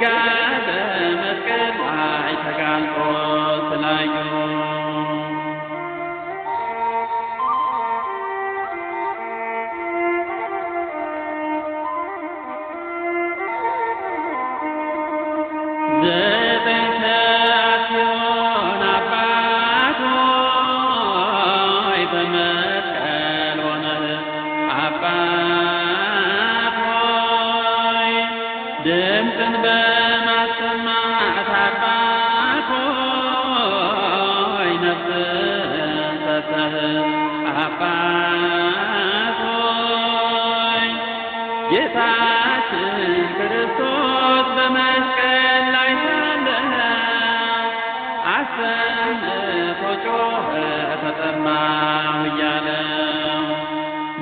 ስጋ በመስቀል ላይ ተጋልጦ ስላዩ አባት ሆይ ጌታችን ክርስቶስ በመስቀል ላይ ሳለ አሰምቶ ጮኸ ተጠማሁ እያለ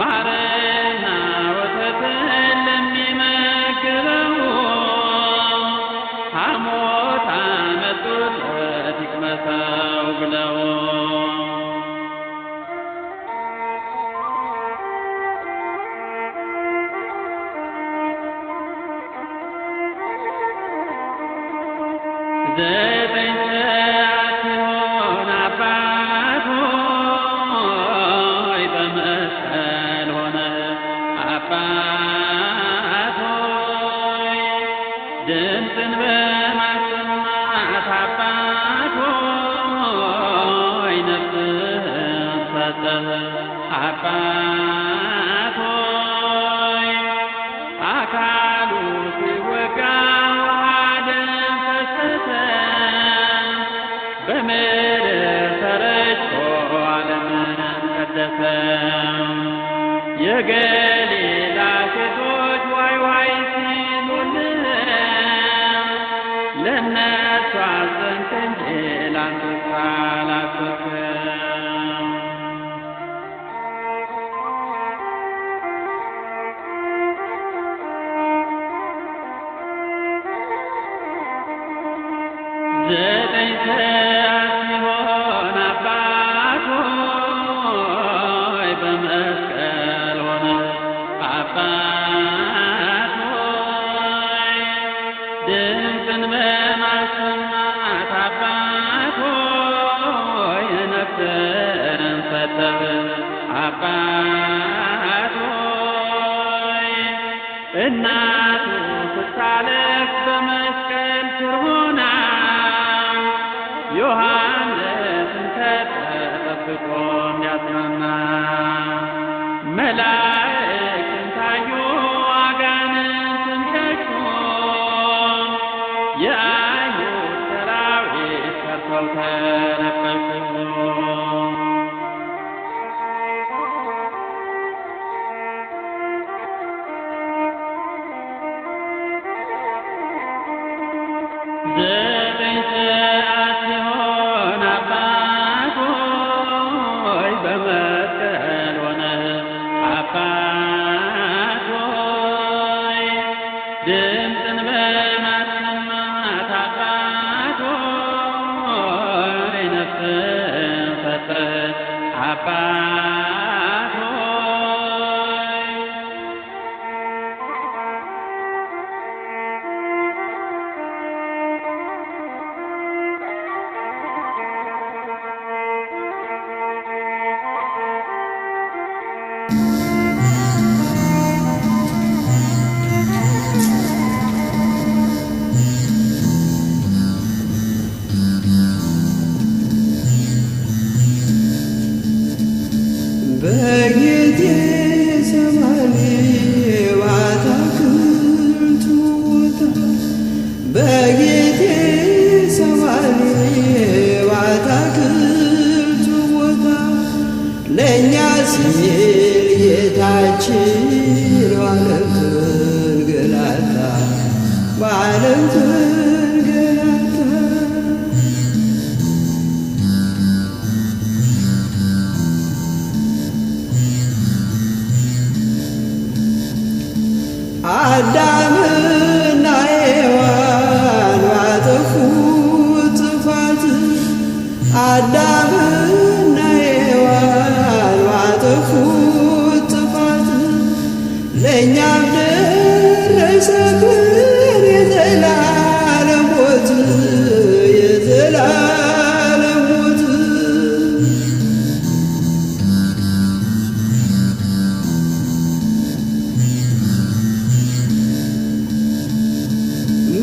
ማርና ወተትን ለሚመግበው ሐሞት አመጡለት ይቅመሰው ብለው ዘጠኝ ሰዓት ሲሆን አባት ድምፅን የገሊላ ሴቶ ለእኛም ደረሰ ክብር የዘላለም ሞት የዘላለም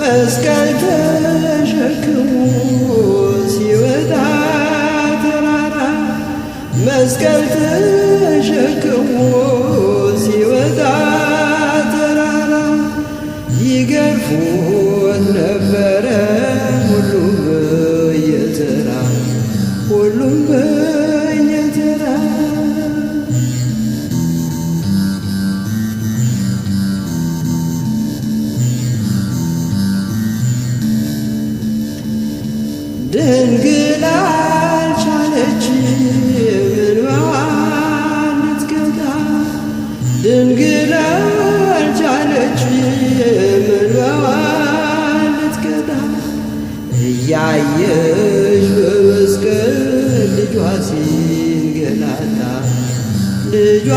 መስቀል ተሸክሞ ሲወጣ ተራራ መስቀል ተሸክሞ ሲወጣ ይሞት ነበረ ሁሉም በየተራ ሁሉም በየተራ ድንግላ አየሽ በመስቀል ልጇ ሲንገላታ ልጇ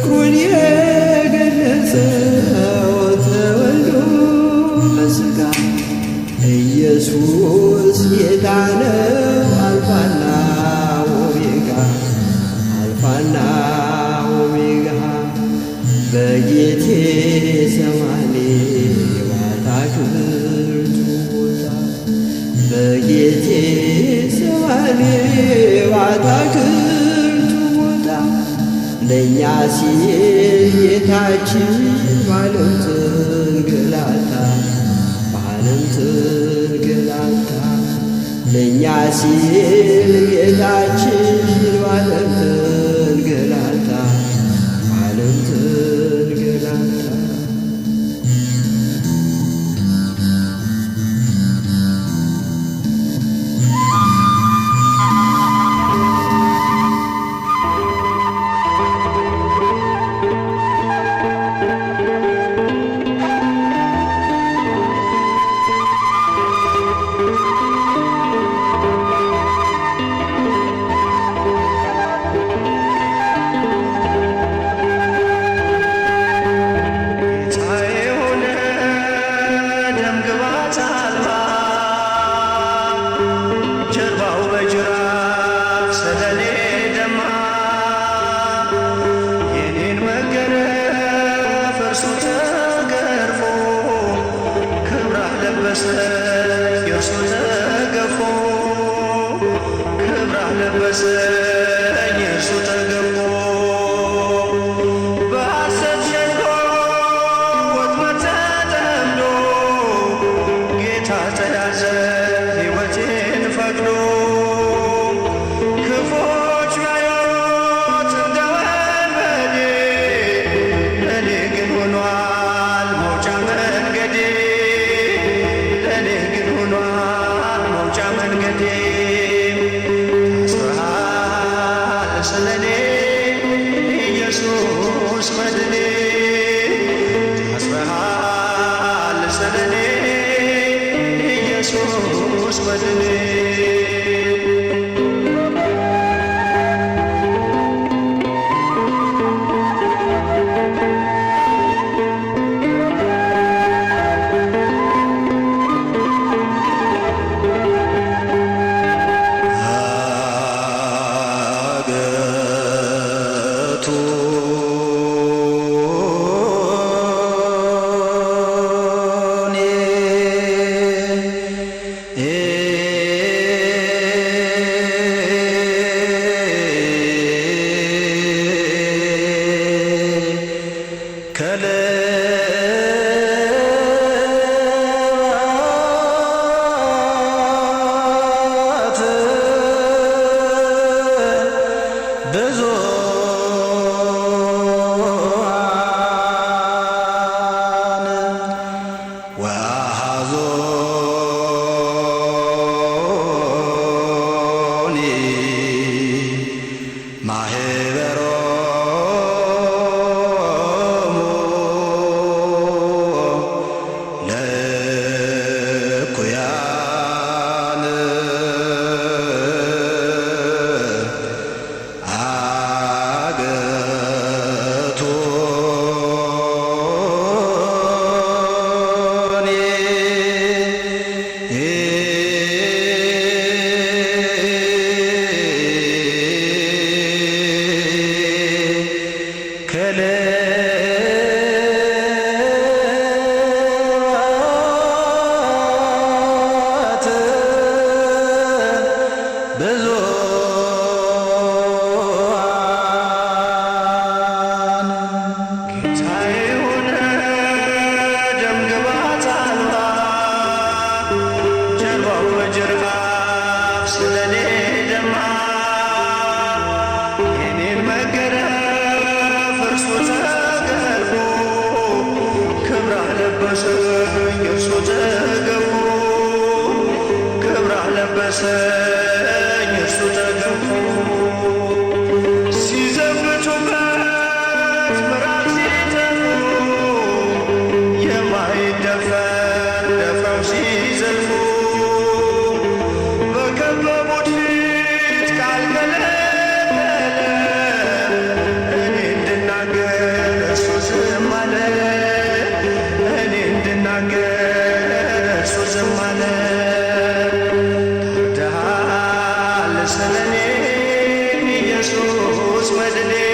ፍቅሩን የገለጸው ተወልዶ በሥጋ ኢየሱስ የዳነው አልፋና ኦሜጋ አልፋና ኦሜጋ በጌቴ ሰማኔ ቦታ በጌቴ ሰማኔ ለእኛ ሲል ጌታችን በዓለም ተንገላታ በዓለም ተንገላታ ለእኛ ሲል ጌታችን በዓለም ማህበሮ ተገቡ ክብራ ለበሰ choose what it is.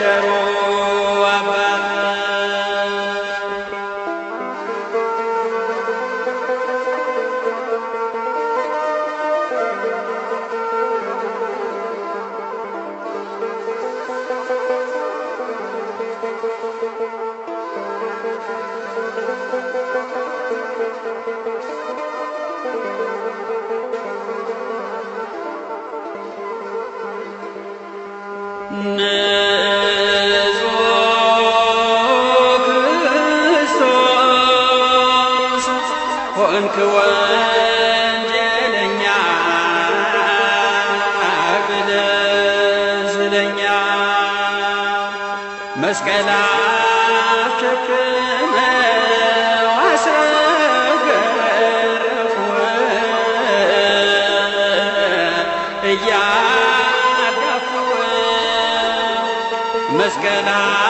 تَهْتَدُونَ Ashkenaz.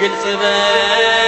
قلت بس